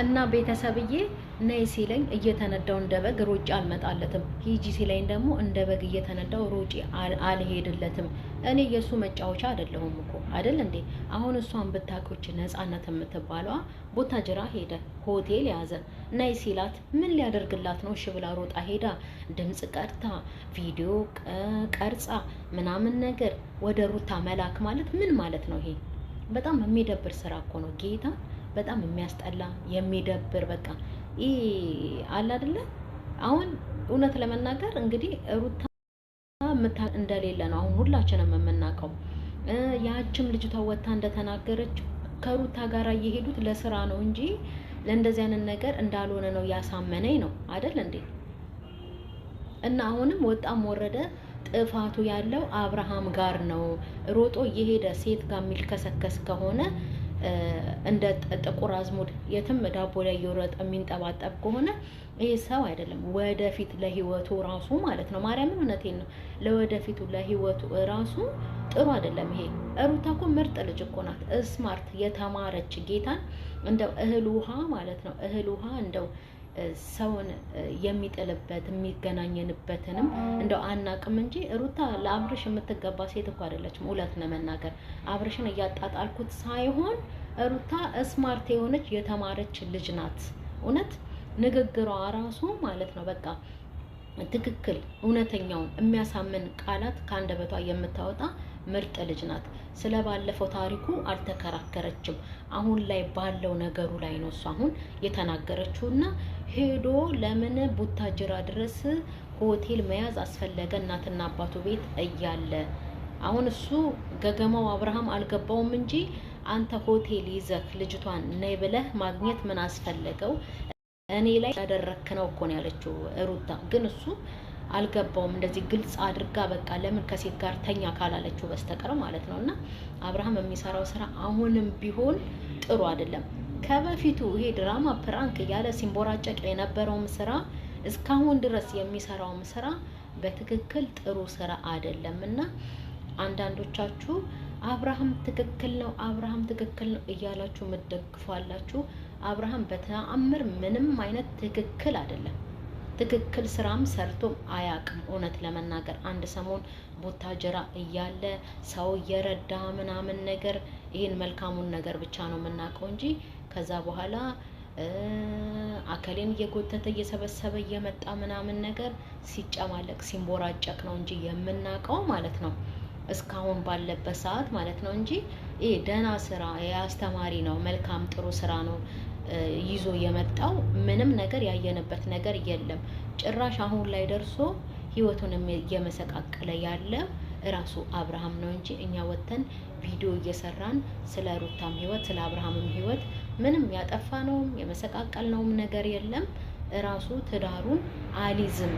እና ቤተሰብዬ ነይ ሲለኝ እየተነዳው እንደ በግ ሮጬ አልመጣለትም። ሂጂ ሲለኝ ደግሞ እንደ በግ እየተነዳው ሮጬ አልሄድለትም። እኔ የእሱ መጫወቻ አይደለሁም እኮ አይደል እንዴ? አሁን እሷን ብታቆች ነጻነት የምትባለዋ ቦታጅራ ሄደ፣ ሆቴል ያዘ። ነይ ሲላት ምን ሊያደርግላት ነው? ሽብላ ሮጣ ሄዳ ድምፅ ቀርታ ቪዲዮ ቀርጻ ምናምን ነገር ወደ ሩታ መላክ ማለት ምን ማለት ነው? ይሄ በጣም የሚደብር ስራ እኮ ነው ጌታ በጣም የሚያስጠላ የሚደብር በቃ ይህ አለ አይደለ? አሁን እውነት ለመናገር እንግዲህ ሩታ እንደሌለ ነው አሁን ሁላችንም የምናውቀው። ያችም ልጅቷ ወታ እንደተናገረች ከሩታ ጋር እየሄዱት ለስራ ነው እንጂ ለእንደዚህ አይነት ነገር እንዳልሆነ ነው ያሳመነኝ ነው አይደል እንዴ? እና አሁንም ወጣም ወረደ ጥፋቱ ያለው አብርሃም ጋር ነው። ሮጦ እየሄደ ሴት ጋር የሚልከሰከስ ከሆነ እንደ ጥቁር አዝሙድ የትም ዳቦ ላይ እየወረጠ የሚንጠባጠብ ከሆነ ይህ ሰው አይደለም፣ ወደፊት ለህይወቱ ራሱ ማለት ነው። ማርያምን እውነቴን ነው። ለወደፊቱ ለህይወቱ ራሱ ጥሩ አይደለም። ይሄ ሩታ እኮ ምርጥ ልጅ እኮ ናት፣ ስማርት የተማረች ጌታን እንደው እህል ውሃ ማለት ነው እህል ውሃ እንደው ሰውን የሚጥልበት የሚገናኘንበትንም እንደው አናቅም እንጂ ሩታ ለአብርሽ የምትገባ ሴት እኮ አይደለችም። እውነት ለመናገር አብርሽን እያጣጣልኩት ሳይሆን ሩታ ስማርት የሆነች የተማረች ልጅ ናት። እውነት ንግግሯ ራሱ ማለት ነው በቃ ትክክል እውነተኛውን የሚያሳምን ቃላት ከአንደበቷ የምታወጣ ምርጥ ልጅ ናት። ስለ ባለፈው ታሪኩ አልተከራከረችም። አሁን ላይ ባለው ነገሩ ላይ ነው እሱ አሁን የተናገረችው እና ሄዶ ለምን ቡታጅራ ድረስ ሆቴል መያዝ አስፈለገ እናትና አባቱ ቤት እያለ አሁን እሱ ገገማው አብርሃም አልገባውም እንጂ አንተ ሆቴል ይዘህ ልጅቷን ነይ ብለህ ማግኘት ምን አስፈለገው? እኔ ላይ ያደረክነው እኮ ነው ያለችው ሩታ ግን እሱ አልገባውም። እንደዚህ ግልጽ አድርጋ በቃ ለምን ከሴት ጋር ተኛ ካላለችው በስተቀር ማለት ነው። እና አብርሃም የሚሰራው ስራ አሁንም ቢሆን ጥሩ አይደለም። ከበፊቱ ይሄ ድራማ ፕራንክ እያለ ሲንቦራጨቅ የነበረውም ስራ እስካሁን ድረስ የሚሰራውም ስራ በትክክል ጥሩ ስራ አይደለም እና አንዳንዶቻችሁ አብርሃም ትክክል ነው፣ አብርሃም ትክክል ነው እያላችሁ የምትደግፏላችሁ። አብርሃም በተአምር ምንም አይነት ትክክል አይደለም። ትክክል ስራም ሰርቶም አያቅም። እውነት ለመናገር አንድ ሰሞን ቡታጀራ እያለ ሰው እየረዳ ምናምን ነገር ይህን መልካሙን ነገር ብቻ ነው የምናውቀው እንጂ ከዛ በኋላ አከሌን እየጎተተ እየሰበሰበ እየመጣ ምናምን ነገር ሲጨማለቅ ሲንቦራጨቅ ነው እንጂ የምናውቀው ማለት ነው። እስካሁን ባለበት ሰዓት ማለት ነው እንጂ ይህ ደህና ስራ የአስተማሪ ነው መልካም ጥሩ ስራ ነው ይዞ የመጣው ምንም ነገር ያየንበት ነገር የለም። ጭራሽ አሁን ላይ ደርሶ ህይወቱን እየመሰቃቀለ ያለ እራሱ አብርሃም ነው እንጂ እኛ ወጥተን ቪዲዮ እየሰራን ስለ ሩታም ህይወት ስለ አብርሃምም ህይወት ምንም ያጠፋ ነውም የመሰቃቀል ነውም ነገር የለም። እራሱ ትዳሩን አሊዝም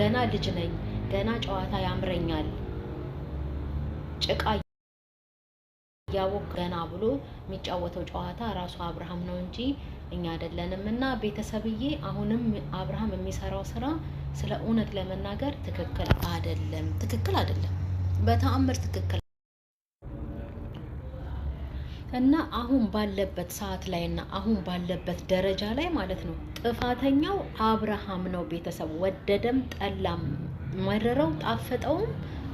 ገና ልጅ ነኝ ገና ጨዋታ ያምረኛል ጭቃ ያቦክ ገና ብሎ የሚጫወተው ጨዋታ ራሱ አብርሃም ነው እንጂ እኛ አይደለንም። እና ቤተሰብዬ አሁንም አብርሃም የሚሰራው ስራ ስለ እውነት ለመናገር ትክክል አይደለም፣ ትክክል አይደለም፣ በተአምር ትክክል እና አሁን ባለበት ሰዓት ላይ እና አሁን ባለበት ደረጃ ላይ ማለት ነው ጥፋተኛው አብርሃም ነው። ቤተሰብ ወደደም ጠላም፣ መረረው ጣፈጠውም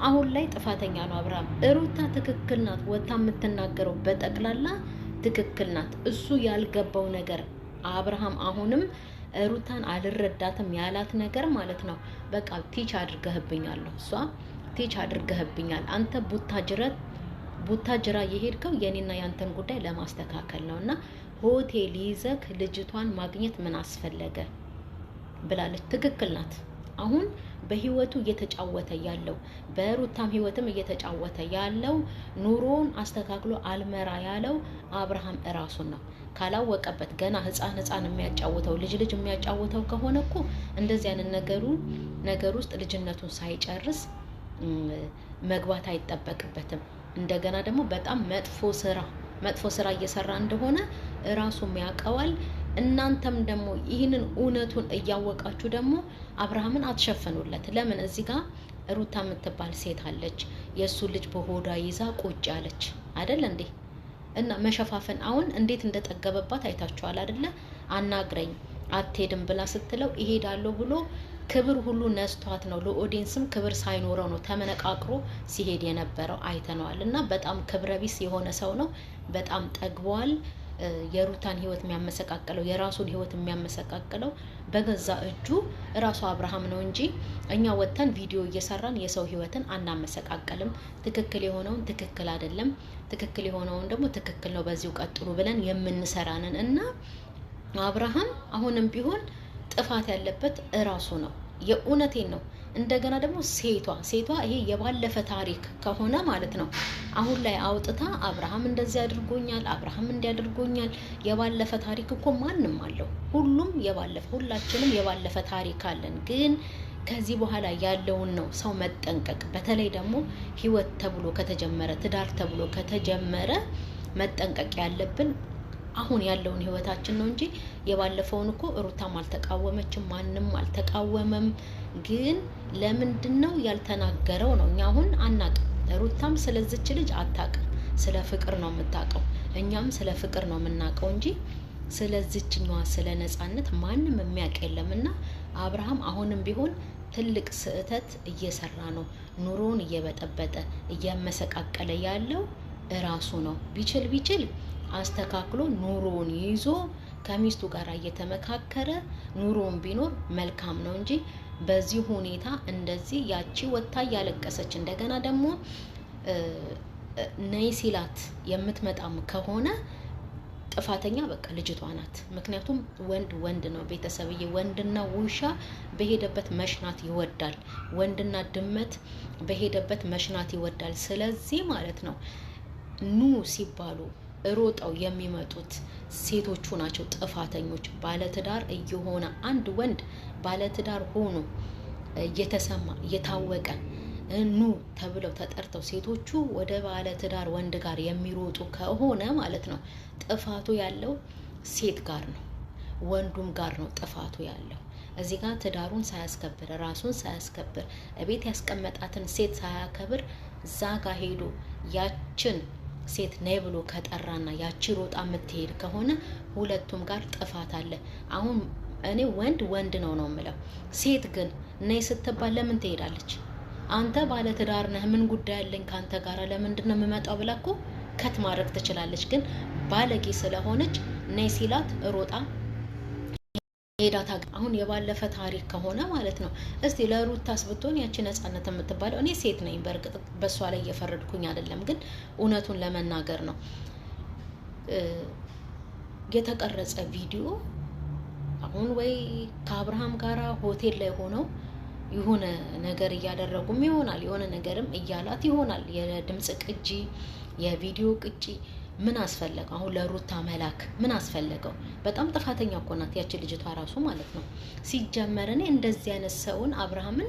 አሁን ላይ ጥፋተኛ ነው አብርሃም። እሩታ ትክክል ናት፣ ወታ የምትናገረው በጠቅላላ ትክክል ናት። እሱ ያልገባው ነገር አብርሃም አሁንም ሩታን አልረዳትም ያላት ነገር ማለት ነው። በቃ ቲች አድርገህብኛለሁ፣ እሷ ቲች አድርገህብኛል። አንተ ቡታጅረት ቡታጅራ የሄድከው የኔና ያንተን ጉዳይ ለማስተካከል ነው እና ሆቴል ይዘክ ልጅቷን ማግኘት ምን አስፈለገ ብላለች። ትክክል ናት። አሁን በህይወቱ እየተጫወተ ያለው በሩታም ህይወትም እየተጫወተ ያለው ኑሮውን አስተካክሎ አልመራ ያለው አብርሃም እራሱን ነው ካላወቀበት ገና ህፃን ህፃን የሚያጫውተው ልጅ ልጅ የሚያጫውተው ከሆነ እኮ እንደዚህ አይነት ነገሩ ነገር ውስጥ ልጅነቱን ሳይጨርስ መግባት አይጠበቅበትም። እንደገና ደግሞ በጣም መጥፎ ስራ መጥፎ ስራ እየሰራ እንደሆነ እራሱም ያውቀዋል። እናንተም ደግሞ ይህንን እውነቱን እያወቃችሁ ደግሞ አብርሃምን አትሸፍኑለት። ለምን እዚህ ጋር ሩታ የምትባል ሴት አለች፣ የእሱ ልጅ በሆዷ ይዛ ቁጭ አለች አደለ እንዴ? እና መሸፋፈን አሁን እንዴት እንደጠገበባት አይታችኋል አደለ? አናግረኝ አትሄድም ብላ ስትለው ይሄዳለሁ ብሎ ክብር ሁሉ ነስቷት ነው። ለኦዲንስም ክብር ሳይኖረው ነው ተመነቃቅሮ ሲሄድ የነበረው አይተነዋል። እና በጣም ክብረቢስ የሆነ ሰው ነው። በጣም ጠግቧል። የሩታን ህይወት የሚያመሰቃቅለው የራሱን ህይወት የሚያመሰቃቅለው በገዛ እጁ እራሱ አብርሃም ነው እንጂ እኛ ወጥተን ቪዲዮ እየሰራን የሰው ህይወትን አናመሰቃቀልም። ትክክል የሆነውን ትክክል አይደለም፣ ትክክል የሆነውን ደግሞ ትክክል ነው፣ በዚሁ ቀጥሉ ብለን የምንሰራንን እና አብርሃም አሁንም ቢሆን ጥፋት ያለበት እራሱ ነው። የእውነቴን ነው። እንደገና ደግሞ ሴቷ ሴቷ ይሄ የባለፈ ታሪክ ከሆነ ማለት ነው አሁን ላይ አውጥታ አብርሃም እንደዚህ አድርጎኛል፣ አብርሃም እንዲያድርጎኛል። የባለፈ ታሪክ እኮ ማንም አለው። ሁሉም የባለፈ ሁላችንም የባለፈ ታሪክ አለን ግን ከዚህ በኋላ ያለውን ነው ሰው መጠንቀቅ። በተለይ ደግሞ ህይወት ተብሎ ከተጀመረ ትዳር ተብሎ ከተጀመረ መጠንቀቅ ያለብን አሁን ያለውን ህይወታችን ነው እንጂ የባለፈውን እኮ ሩታም አልተቃወመችም፣ ማንም አልተቃወመም። ግን ለምንድን ነው ያልተናገረው ነው እኛ አሁን አናቅም። ሩታም ስለዚች ልጅ አታቅም። ስለ ፍቅር ነው የምታውቀው፣ እኛም ስለ ፍቅር ነው የምናውቀው እንጂ ስለዚችኛዋ ስለ ነጻነት ማንም የሚያውቅ የለም። እና አብርሃም አሁንም ቢሆን ትልቅ ስህተት እየሰራ ነው። ኑሮውን እየበጠበጠ እያመሰቃቀለ ያለው እራሱ ነው። ቢችል ቢችል አስተካክሎ ኑሮውን ይዞ ከሚስቱ ጋር እየተመካከረ ኑሮውን ቢኖር መልካም ነው እንጂ በዚህ ሁኔታ እንደዚህ ያቺ ወታ እያለቀሰች እንደገና ደግሞ ነይ ሲላት የምትመጣም ከሆነ ጥፋተኛ በቃ ልጅቷ ናት። ምክንያቱም ወንድ ወንድ ነው ቤተሰብዬ። ወንድና ውሻ በሄደበት መሽናት ይወዳል። ወንድና ድመት በሄደበት መሽናት ይወዳል። ስለዚህ ማለት ነው ኑ ሲባሉ ሮጠው የሚመጡት ሴቶቹ ናቸው ጥፋተኞች። ባለትዳር እየሆነ አንድ ወንድ ባለትዳር ሆኖ እየተሰማ እየታወቀ ኑ ተብለው ተጠርተው ሴቶቹ ወደ ባለትዳር ወንድ ጋር የሚሮጡ ከሆነ ማለት ነው ጥፋቱ ያለው ሴት ጋር ነው፣ ወንዱም ጋር ነው ጥፋቱ ያለው። እዚህ ጋር ትዳሩን ሳያስከብር ራሱን ሳያስከብር እቤት ያስቀመጣትን ሴት ሳያከብር እዛ ጋር ሄዶ ያችን ሴት ነይ ብሎ ከጠራና ያቺ ሮጣ የምትሄድ ከሆነ ሁለቱም ጋር ጥፋት አለ አሁን እኔ ወንድ ወንድ ነው ነው የምለው። ሴት ግን ነይ ስትባል ለምን ትሄዳለች? አንተ ባለ ትዳር ነህ፣ ምን ጉዳይ አለኝ ከአንተ ጋር ለምንድን ነው የምመጣው ብላ እኮ ከት ማድረግ ትችላለች። ግን ባለጌ ስለሆነች ነይ ሲላት ሮጣ ሄዳታ አሁን የባለፈ ታሪክ ከሆነ ማለት ነው። እስቲ ለሩታስ ብትሆን ያቺ ነጻነት የምትባለው እኔ ሴት ነኝ፣ በእርግጥ በእሷ ላይ እየፈረድኩኝ አይደለም፣ ግን እውነቱን ለመናገር ነው የተቀረጸ ቪዲዮ አሁን ወይ ከአብርሃም ጋር ሆቴል ላይ ሆነው የሆነ ነገር እያደረጉም ይሆናል። የሆነ ነገርም እያላት ይሆናል። የድምፅ ቅጂ፣ የቪዲዮ ቅጂ ምን አስፈለገው? አሁን ለሩታ መላክ ምን አስፈለገው? በጣም ጥፋተኛ እኮ ናት ያቺ ልጅቷ ራሱ ማለት ነው። ሲጀመር እኔ እንደዚህ አይነት ሰውን አብርሃምን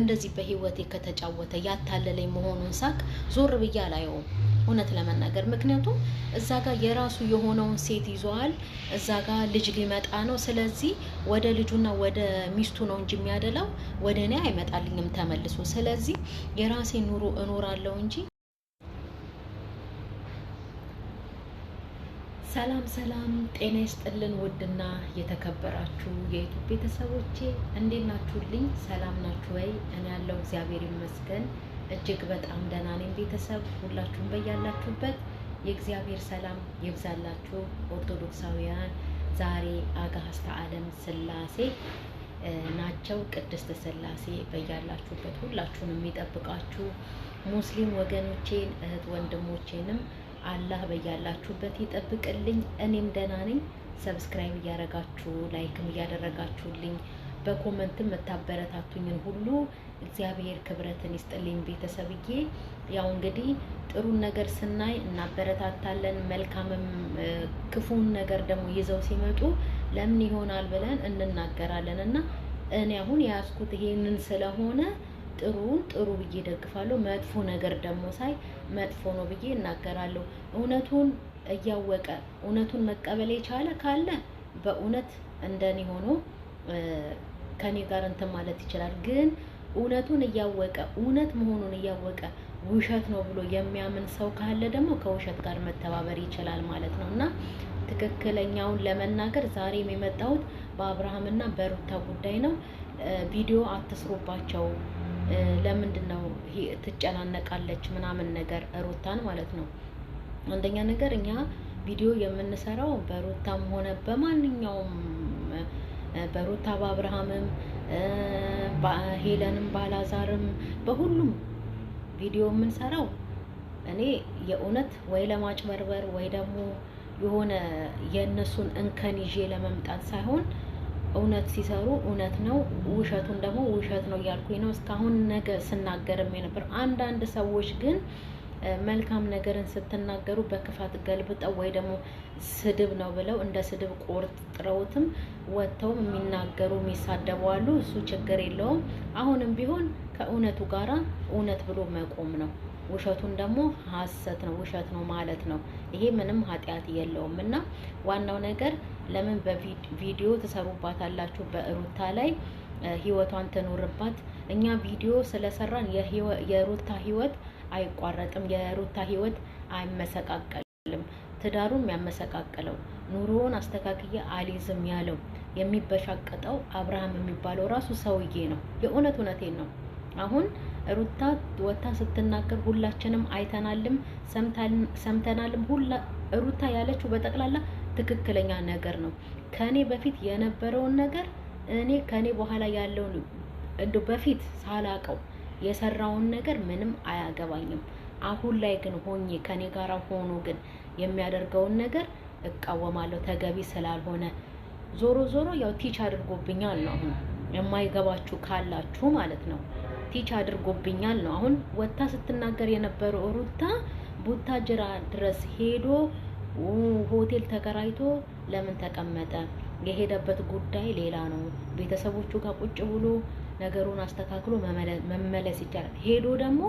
እንደዚህ በህይወቴ ከተጫወተ ያታለለኝ መሆኑን ሳቅ ዞር ብዬ አላየውም እውነት ለመናገር ምክንያቱም እዛ ጋር የራሱ የሆነውን ሴት ይዘዋል። እዛ ጋር ልጅ ሊመጣ ነው። ስለዚህ ወደ ልጁና ወደ ሚስቱ ነው እንጂ የሚያደላው ወደ እኔ አይመጣልኝም ተመልሶ። ስለዚህ የራሴ ኑሮ እኖራለሁ እንጂ ሰላም ሰላም፣ ጤና ይስጥልን ውድና የተከበራችሁ የዩቱብ ቤተሰቦቼ እንዴት ናችሁልኝ? ሰላም ናችሁ ወይ? እኔ ያለው እግዚአብሔር ይመስገን እጅግ በጣም ደህና ነኝ። ቤተሰብ ሁላችሁም በያላችሁበት የእግዚአብሔር ሰላም ይብዛላችሁ። ኦርቶዶክሳውያን ዛሬ አጋዕዝተ ዓለም ስላሴ ናቸው። ቅድስተ ስላሴ በያላችሁበት ሁላችሁንም የሚጠብቃችሁ ሙስሊም ወገኖቼን እህት ወንድሞቼንም አላህ በያላችሁበት ይጠብቅልኝ። እኔም ደህና ነኝ። ሰብስክራይብ እያደረጋችሁ ላይክም እያደረጋችሁልኝ በኮመንትም የምታበረታቱኝን ሁሉ እግዚአብሔር ክብረትን ይስጥልኝ ቤተሰብዬ። ያው እንግዲህ ጥሩን ነገር ስናይ እናበረታታለን። መልካምም ክፉን ነገር ደግሞ ይዘው ሲመጡ ለምን ይሆናል ብለን እንናገራለን እና እኔ አሁን የያዝኩት ይሄንን ስለሆነ ጥሩውን ጥሩ ብዬ ደግፋለሁ፣ መጥፎ ነገር ደግሞ ሳይ መጥፎ ነው ብዬ እናገራለሁ። እውነቱን እያወቀ እውነቱን መቀበል የቻለ ካለ በእውነት እንደኔ ሆኖ ከኔ ጋር እንትን ማለት ይችላል። ግን እውነቱን እያወቀ እውነት መሆኑን እያወቀ ውሸት ነው ብሎ የሚያምን ሰው ካለ ደግሞ ከውሸት ጋር መተባበር ይችላል ማለት ነው እና ትክክለኛውን ለመናገር ዛሬም የመጣሁት በአብርሃምና በሩታ ጉዳይ ነው። ቪዲዮ አትስሩባቸው። ለምንድን ነው ትጨናነቃለች ምናምን ነገር ሩታን ማለት ነው። አንደኛ ነገር እኛ ቪዲዮ የምንሰራው በሩታም ሆነ በማንኛውም በሩታ በአብርሃምም ሄለንም ባላዛርም በሁሉም ቪዲዮ የምንሰራው እኔ የእውነት ወይ ለማጭበርበር ወይ ደግሞ የሆነ የእነሱን እንከን ይዤ ለመምጣት ሳይሆን እውነት ሲሰሩ እውነት ነው፣ ውሸቱን ደግሞ ውሸት ነው እያልኩኝ ነው እስካሁን ነገ ስናገርም የነበር። አንዳንድ ሰዎች ግን መልካም ነገርን ስትናገሩ በክፋት ገልብጠው ወይ ደግሞ ስድብ ነው ብለው እንደ ስድብ ቆርጥረውትም ወጥተውም የሚናገሩ የሚሳደቡ አሉ። እሱ ችግር የለውም። አሁንም ቢሆን ከእውነቱ ጋራ እውነት ብሎ መቆም ነው። ውሸቱን ደግሞ ሐሰት ነው ውሸት ነው ማለት ነው። ይሄ ምንም ኃጢአት የለውም እና ዋናው ነገር ለምን በቪዲዮ ትሰሩባታላችሁ? በሩታ ላይ ህይወቷን ትኖርባት። እኛ ቪዲዮ ስለሰራን የሩታ ህይወት አይቋረጥም። የሩታ ህይወት አይመሰቃቀልም። ትዳሩም ያመሰቃቀለው ኑሮውን አስተካክዬ አሊዝም ያለው የሚበሻቀጠው አብርሃም የሚባለው ራሱ ሰውዬ ነው። የእውነት እውነቴን ነው። አሁን ሩታ ወታ ስትናገር ሁላችንም አይተናልም፣ ሰምተናልም። ሁላ ሩታ ያለችው በጠቅላላ ትክክለኛ ነገር ነው። ከኔ በፊት የነበረውን ነገር እኔ ከኔ በኋላ ያለውን እንደ በፊት ሳላቀው የሰራውን ነገር ምንም አያገባኝም። አሁን ላይ ግን ሆኜ ከኔ ጋር ሆኖ ግን የሚያደርገውን ነገር እቃወማለሁ ተገቢ ስላልሆነ። ዞሮ ዞሮ ያው ቲች አድርጎብኛል ነው። አሁን የማይገባችሁ ካላችሁ ማለት ነው ቲች አድርጎብኛል ነው። አሁን ወታ ስትናገር የነበረው ሩታ ቡታጅራ ድረስ ሄዶ ሆቴል ተከራይቶ ለምን ተቀመጠ? የሄደበት ጉዳይ ሌላ ነው። ቤተሰቦቹ ጋር ቁጭ ብሎ ነገሩን አስተካክሎ መመለስ ይቻላል። ሄዶ ደግሞ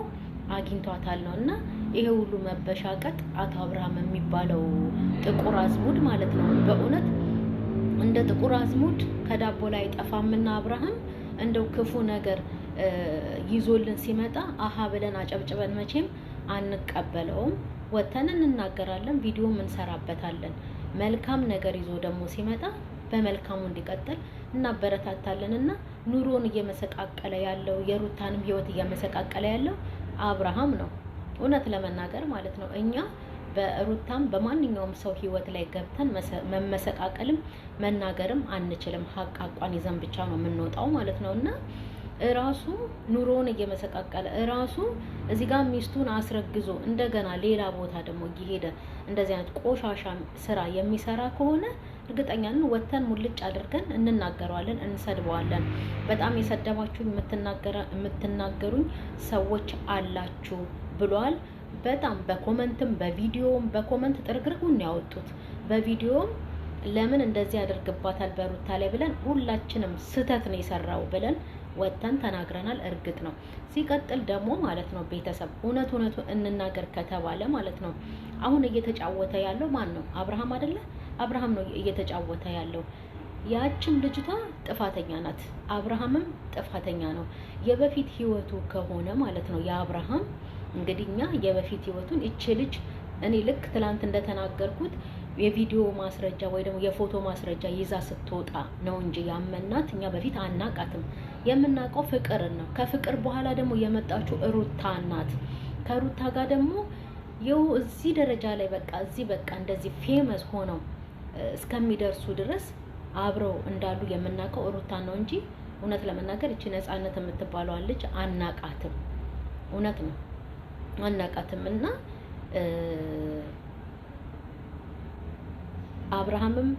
አግኝቷታል ነው እና ይሄ ሁሉ መበሻቀጥ አቶ አብርሃም የሚባለው ጥቁር አዝሙድ ማለት ነው። በእውነት እንደ ጥቁር አዝሙድ ከዳቦ ላይ አይጠፋምና አብርሃም እንደው ክፉ ነገር ይዞልን ሲመጣ አሀ ብለን አጨብጭበን መቼም አንቀበለውም። ወጥተን እንናገራለን፣ ቪዲዮም እንሰራበታለን። መልካም ነገር ይዞ ደግሞ ሲመጣ በመልካሙ እንዲቀጥል እናበረታታለን እና ኑሮን እየመሰቃቀለ ያለው የሩታንም ህይወት እያመሰቃቀለ ያለው አብርሃም ነው፣ እውነት ለመናገር ማለት ነው። እኛ በሩታም በማንኛውም ሰው ህይወት ላይ ገብተን መመሰቃቀልም መናገርም አንችልም። ሀቅ አቋን ይዘን ብቻ ነው የምንወጣው ማለት ነው እና እራሱ ኑሮውን እየመሰቃቀለ እራሱ እዚህ ጋር ሚስቱን አስረግዞ እንደገና ሌላ ቦታ ደግሞ እየሄደ እንደዚህ አይነት ቆሻሻ ስራ የሚሰራ ከሆነ እርግጠኛ ነን ሙልጭ አድርገን እንናገረዋለን፣ እንሰድበዋለን። በጣም የሰደባችሁ የምትናገሩኝ ሰዎች አላችሁ ብሏል። በጣም በኮመንትም በቪዲዮም በኮመንት ጥርግርጉን ያወጡት በቪዲዮም ለምን እንደዚህ ያደርግባታል በሩታ ላይ ብለን ሁላችንም ስህተት ነው የሰራው ብለን ወጥተን ተናግረናል። እርግጥ ነው። ሲቀጥል ደግሞ ማለት ነው ቤተሰብ እውነት እውነቱ እንናገር ከተባለ ማለት ነው አሁን እየተጫወተ ያለው ማን ነው? አብርሃም አይደለ? አብርሃም ነው እየተጫወተ ያለው። ያችም ልጅቷ ጥፋተኛ ናት፣ አብርሃምም ጥፋተኛ ነው። የበፊት ህይወቱ ከሆነ ማለት ነው የአብርሃም እንግዲህ እኛ የበፊት ህይወቱን እቺ ልጅ እኔ ልክ ትላንት እንደተናገርኩት የቪዲዮ ማስረጃ ወይ ደግሞ የፎቶ ማስረጃ ይዛ ስትወጣ ነው እንጂ ያመናት እኛ በፊት አናቃትም። የምናውቀው ፍቅርን ነው። ከፍቅር በኋላ ደግሞ የመጣችው ሩታ ናት። ከሩታ ጋር ደግሞ ይኸው እዚህ ደረጃ ላይ በቃ እዚህ በቃ እንደዚህ ፌመስ ሆነው እስከሚደርሱ ድረስ አብረው እንዳሉ የምናውቀው ሩታ ነው እንጂ እውነት ለመናገር እቺ ነፃነት የምትባለዋ ልጅ አናቃትም። እውነት ነው አናቃትም እና አብርሃምም